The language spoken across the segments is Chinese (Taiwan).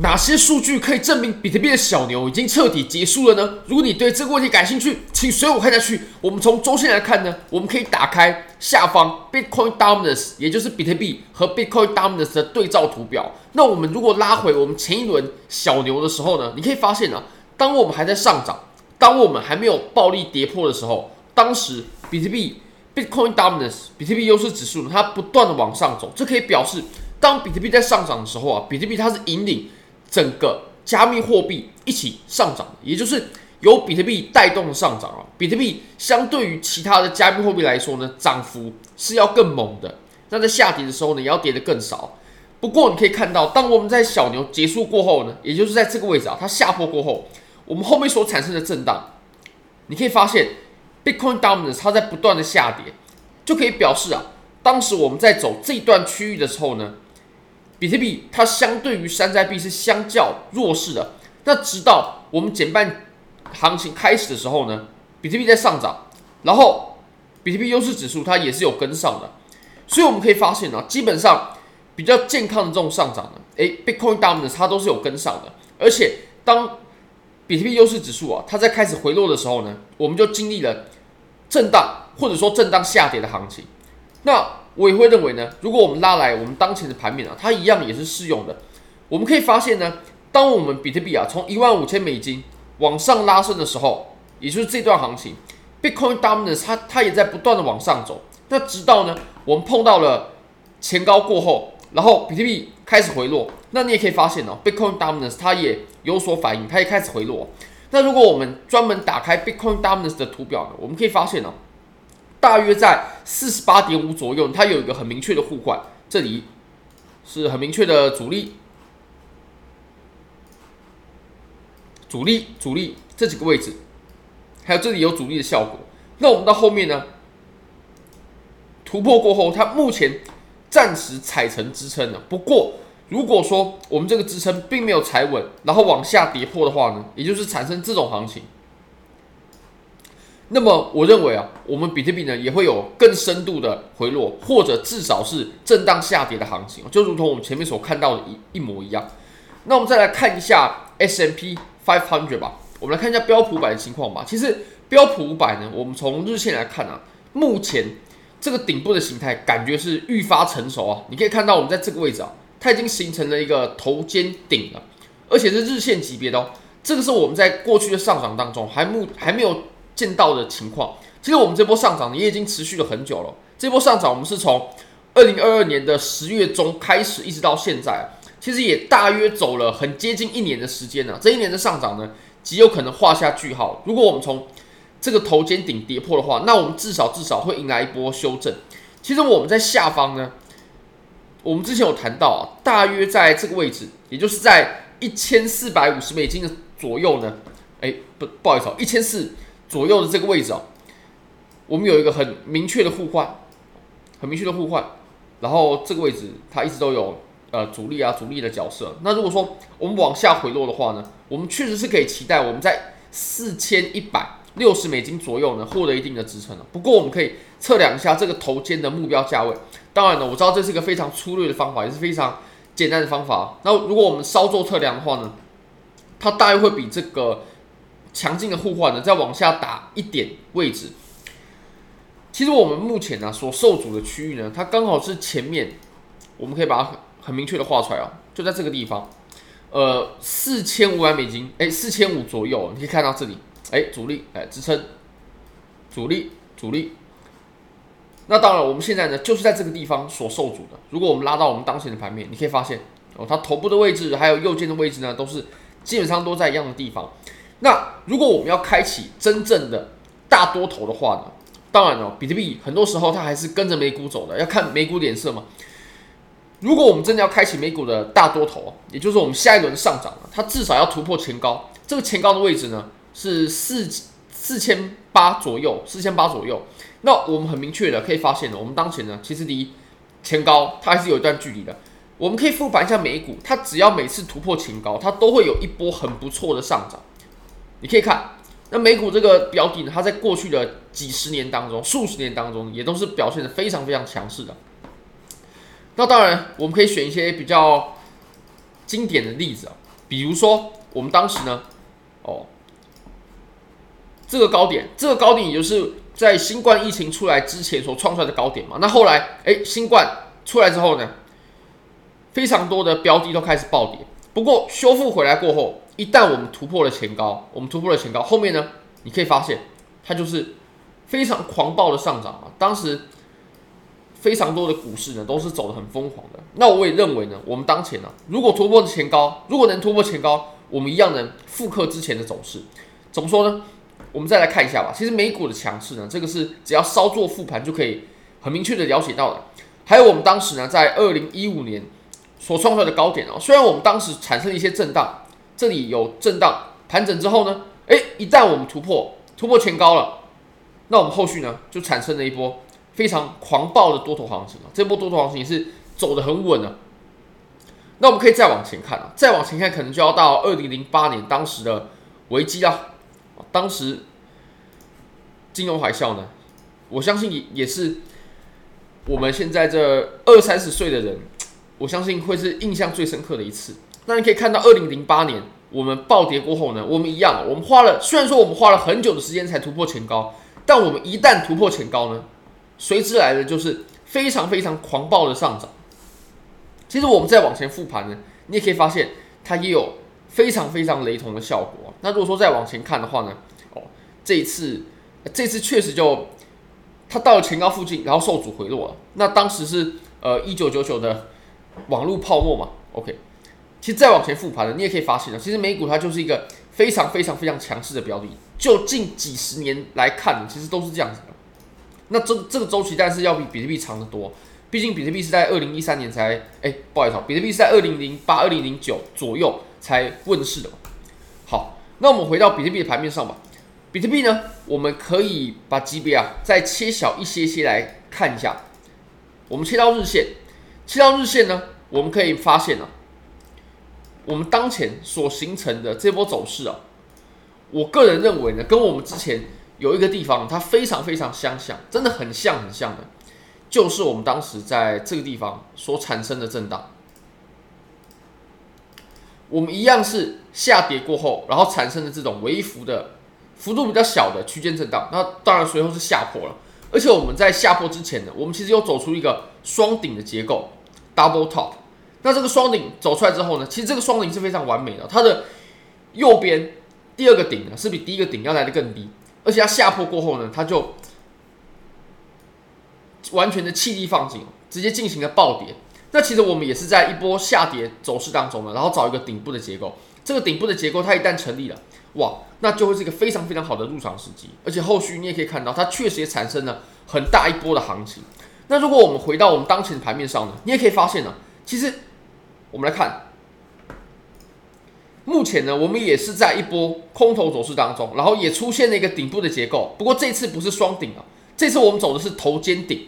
哪些數據可以證明比特幣的小牛已經徹底結束了呢？如果你對這個問題感興趣，請隨我看下去。我們從週線來看呢，我們可以打開下方 Bitcoin Dominance 也就是比特幣和 Bitcoin Dominance 的對照圖表。那我們如果拉回我們前一輪小牛的時候呢，你可以發現呢、啊，當我們還在上漲，當我們還沒有暴力跌破的時候，當時比特幣 Bitcoin Dominance 比特幣優勢指數呢，它不斷的往上走，這可以表示當比特幣在上漲的時候啊，比特幣它是引領。整個加密貨幣一起上漲，也就是由比特幣帶動上漲啊。比特幣相對於其他的加密貨幣來說呢，漲幅是要更猛的。那在下跌的時候呢，也要跌得更少。不過你可以看到，當我們在小牛結束過後呢，也就是在這個位置啊，它下破過後，我們後面所產生的震盪，你可以發現 Bitcoin Dominance 它在不斷的下跌，就可以表示啊，當時我們在走這一段區域的時候呢。比特幣它相對於山寨幣是相較弱勢的，那直到我們減半行情開始的時候呢，比特幣在上漲，然後比特幣優勢指數它也是有跟上的，所以我們可以發現呢、啊，基本上比較健康的這種上漲的，誒，Bitcoin Dominance 的它都是有跟上的，而且當比特幣優勢指數啊，它在開始回落的時候呢，我們就經歷了震盪或者說震盪下跌的行情，那。我也會認為呢，如果我們拉來我們當前的盤面啊，它一樣也是適用的。我們可以發現呢，當我們比特幣啊從一萬五千美金往上拉升的時候，也就是這段行情，Bitcoin Dominance 它它也在不斷的往上走。那直到呢我們碰到了前高過後，然後比特幣開始回落，那你也可以發現哦，Bitcoin Dominance 它也有所反應，它也開始回落。那如果我們專門打開 Bitcoin Dominance 的圖表呢，我們可以發現哦。大約在四十八點五左右，它有一個很明確的互換，這裡是很明確的阻力、阻力、阻力這幾個位置，還有這裡有阻力的效果。那我們到後面呢，突破過後，它目前暫時踩成支撐了。不過，如果說我們這個支撐並沒有踩穩，然後往下跌破的話呢，也就是產生這種行情。那麼我認為啊，我們比特幣呢也會有更深度的回落，或者至少是震盪下跌的行情，就如同我們前面所看到的一一模一樣。那我們再來看一下 S&P 500吧，我們來看一下標普500的情況吧。其實標普五百呢，我們從日線來看啊，目前這個頂部的形態感覺是愈發成熟啊。你可以看到我們在這個位置啊，它已經形成了一個頭肩頂了，而且是日線級別的哦。這個是我們在過去的上漲當中還沒還沒有。見到的情況，其實我們這波上漲也已經持續了很久了。這波上漲我們是從二零二二年的十月中開始，一直到現在，其實也大約走了很接近一年的時間了。這一年的上漲呢，極有可能畫下句號。如果我們從這個頭肩頂跌破的話，那我們至少至少會迎來一波修正。其實我們在下方呢，我們之前有談到啊，大約在這個位置，也就是在一千四百五十美金的左右呢。誒，不，不好意思，一千四。1400左右的這個位置哦，我們有一個很明確的互換，很明確的互換。然後這個位置它一直都有呃阻力啊，阻力的角色。那如果說我們往下回落的話呢，我們確實是可以期待我們在四千一百六十美金左右呢獲得一定的支撐。不過我們可以測量一下這個頭肩的目標價位。當然了，我知道這是一個非常粗略的方法，也是非常簡單的方法。那如果我們稍作測量的話呢，它大約會比這個。強勁的互換呢，再往下打一點位置。其實我們目前呢、啊、所受阻的區域呢，它剛好是前面，我們可以把它很明確的畫出來哦、啊，就在這個地方。呃，四千五百美金，誒、欸，四千五左右，你可以看到這裡，誒、欸，阻力，哎、欸，支撐，阻力，阻力。那當然，我們現在呢就是在這個地方所受阻的。如果我們拉到我們當前的盤面，你可以發現哦，它頭部的位置還有右肩的位置呢，都是基本上都在一樣的地方。那如果我們要開啟真正的大多頭的話呢？當然了、哦，比特幣很多時候它還是跟着美股走的，要看美股臉色嘛。如果我們真的要開啟美股的大多頭，也就是我們下一輪上漲，它至少要突破前高。這個前高的位置呢是四四千八左右，四千八左右。那我們很明確的可以發現了，我們當前呢其實離前高它還是有一段距離的。我們可以復盤一下美股，它只要每次突破前高，它都會有一波很不錯的上漲。你可以看那美股這個標的呢，它在過去的幾十年當中、數十年當中，也都是表現的非常非常強勢的。那當然，我們可以選一些比較經典的例子啊，比如說我們當時呢，哦，這個高點，這個高點也就是在新冠疫情出來之前所創出來的高點嘛。那後來，哎、欸，新冠出來之後呢，非常多的標的都開始暴跌，不過修復回來過後。一旦我們突破了前高，我們突破了前高，後面呢，你可以發現它就是非常狂暴的上漲啊。當時非常多的股市呢都是走得很瘋狂的。那我也認為呢，我們當前呢、啊，如果突破了前高，如果能突破前高，我們一樣能複刻之前的走勢。怎麼說呢？我們再來看一下吧。其實美股的強勢呢，這個是只要稍作復盤就可以很明確的了解到的。還有我們當時呢，在二零一五年所創出來的高點哦、啊，雖然我們當時產生了一些震盪。這裡有震盪盤整之後呢，哎，一旦我們突破，突破前高了，那我們後續呢，就產生了一波非常狂暴的多頭行情啊！這波多頭行情也是走的很穩的。那我們可以再往前看啊，再往前看可能就要到二零零八年當時的危機啊，當時金融海嘯呢，我相信也也是我們現在這二三十歲的人，我相信會是印象最深刻的一次。那你可以看到2008年，二零零八年我們暴跌過後呢，我們一樣，我們花了雖然說我們花了很久的時間才突破前高，但我們一旦突破前高呢，隨之來的就是非常非常狂暴的上漲。其實我們再往前復盤呢，你也可以發現它也有非常非常雷同的效果。那如果說再往前看的話呢，哦，這一次，這次確實就它到了前高附近，然後受阻回落了。那當時是呃一九九九的網絡泡沫嘛，OK。其實再往前復盤呢，你也可以發現啊，其實美股它就是一個非常非常非常強勢的標的，就近幾十年來看，其實都是這樣子的。那這個、這個周期，但是要比比特幣長得多，畢竟比特幣是在二零一三年才，哎、欸，不好意思，比特幣是在二零零八、二零零九左右才問世的。好，那我們回到比特幣的盤面上吧。比特幣呢，我們可以把級別啊再切小一些些來看一下。我們切到日線，切到日線呢，我們可以發現啊。我們當前所形成的這波走勢啊，我個人認為呢，跟我們之前有一個地方，它非常非常相像，真的很像很像的，就是我們當時在這個地方所產生的震盪。我們一樣是下跌過後，然後產生的這種微幅的幅度比較小的區間震盪，那當然隨後是下坡了，而且我們在下坡之前呢，我們其實又走出一個雙頂的結構 （double top）。那這個雙頂走出來之後呢，其實這個雙頂是非常完美的喔。它的右邊第二個頂呢，是比第一個頂要來得更低，而且它下破過後呢，它就完全的氣力放盡，直接進行了暴跌。那其實我們也是在一波下跌走勢當中呢，然後找一個頂部的結構。這個頂部的結構它一旦成立了，哇，那就會是一個非常非常好的入場時機。而且後續你也可以看到，它確實也產生了很大一波的行情。那如果我們回到我們當前的盤面上呢，你也可以發現呢喔，其實。我們來看，目前呢，我們也是在一波空頭走勢當中，然後也出現了一個頂部的結構。不過這次不是雙頂啊，這次我們走的是頭肩頂。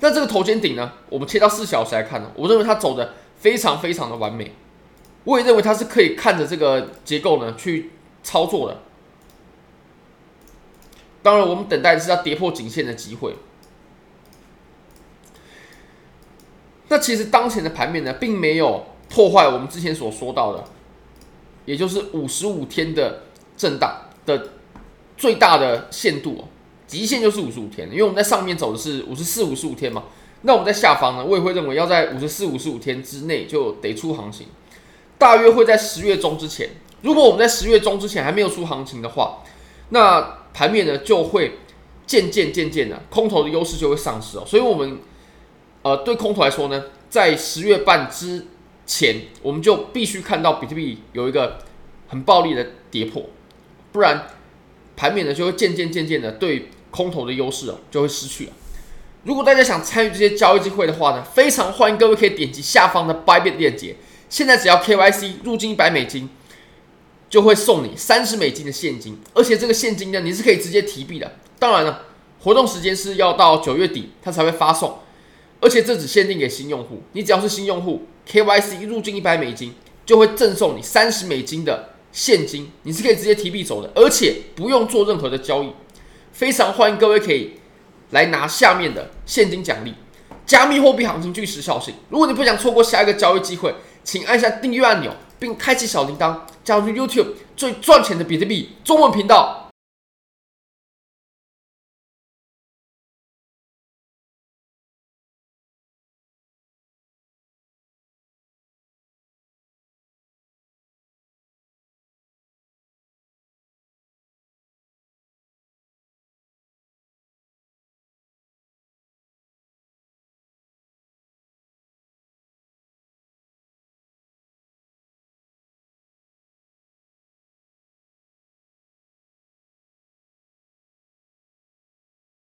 那這個頭肩頂呢，我們切到四小時來看呢，我認為它走得非常非常的完美。我也認為它是可以看着這個結構呢去操作的。當然，我們等待的是它跌破頸線的機會。那其實當前的盤面呢，並沒有。破壞我們之前所說到的，也就是五十五天的震盪的最大的限度，極限就是五十五天。因為我們在上面走的是五十四、五十五天嘛，那我們在下方呢，我也會認為要在五十四、五十五天之內就得出行情，大約會在十月中之前。如果我們在十月中之前還沒有出行情的話，那盤面呢就會漸漸、漸漸的空頭的優勢就會喪失哦。所以，我們呃，對空頭來說呢，在十月半之。錢，我們就必須看到比特幣有一個很暴力的跌破，不然盤面呢就會漸漸漸漸的對空頭的優勢啊就會失去了。如果大家想參與這些交易機會的話呢，非常歡迎各位可以點擊下方的 Bybit 鏈接。現在只要 KYC 入金一百美金，就會送你三十美金的現金，而且這個現金呢你是可以直接提幣的。當然了，活動時間是要到九月底它才會發送，而且這只限定給新用戶，你只要是新用戶。KYC 入金一百美金，就會贈送你三十美金的現金，你是可以直接提幣走的，而且不用做任何的交易。非常歡迎各位可以來拿下面的現金獎勵。加密貨幣行情具時效性，如果你不想錯過下一個交易機會，請按下訂閱按鈕並開啟小鈴鐺，加入 YouTube 最賺錢的比特幣中文頻道。